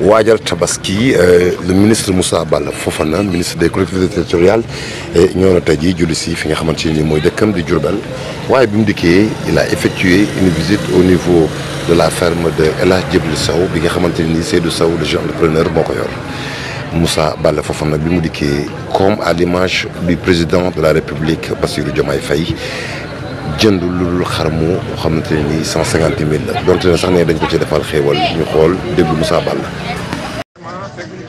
waajal tabaski euh, le ministre Moussa Balla Fofana ministre des collectivités territoriales ñoo na tey jii julli si fi nga xamante ni mooy dëkkam di Diourbel waaye bi mu dikkee il a effectué une visite au niveau de la ferme de El Hadj Djibril Sow bi nga xamante ni Seydou Sow le jeune entrepreneur moo ko yor Moussa Balla Fofana bi mu dikkee comme à l'image du président de la République Bassirou Diomaye Faye jënd lu dul xar mu xamante ne nii cent cinquante mille la donte ne sax ne dañ ko ci defal xéewal ñu xool déglu Moussa Balla. vraiment teg ñu ci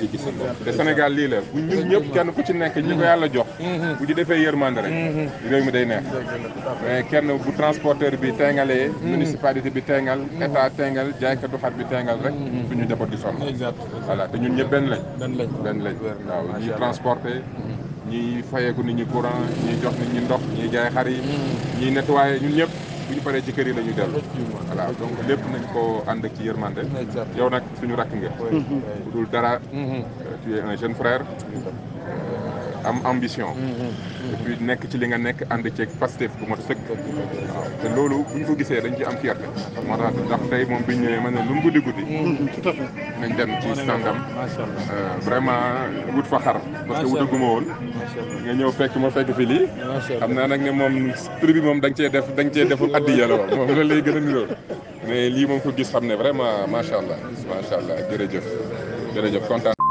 ci gis seen bopp te Sénégal lii la bu ñun ñëpp kenn ku ci nekk ñu ko yàlla jox. Mhm. bu ci defee yërmande rek. Mhm. réew mi day neex. mais kenn bu transporteur bi teengalee. Mhm. municipalité bi teengal état teengal jaaykatu xar bi teengal rek. ñu njaboot di sonn. voilà te ñun ñëpp benn lañ. benn waaw ñuy transporter. ñuy fayeeku nit ñi courant ñuy jox nit ñi ndox ñuy jaay xar yi ñuy nettoyé ñun ñëpp bu ñu paree ci kër yi la ñuy dellu donc lépp nañ ko ànd ak ci yërmande yow nag suñu rakk nga dul dara tu es un jeune frère am ambition. Mm, mm, mm. et nekk ci li nga nekk ànd ceeg Pastef bu mot sëkk. waaw te loolu bu ñu ko gisee dañ ci am fierté. moo tax tey moom bi ñu ñëwee man ne lu mu guddi guddi. nañ dem ci sangam. Euh, vraiment wut fa xar. parce que wutaguma woon. nga ñëw fekk ma fekk fi lii. xam naa nag ne moom prix moom da nga cee def da cee deful addi yàlla waaw moom loolu lay gën a niróo. mais lii moom ko gis xam ne vraiment macha allah. macha allah jërëjëf jërëjëf kontaan.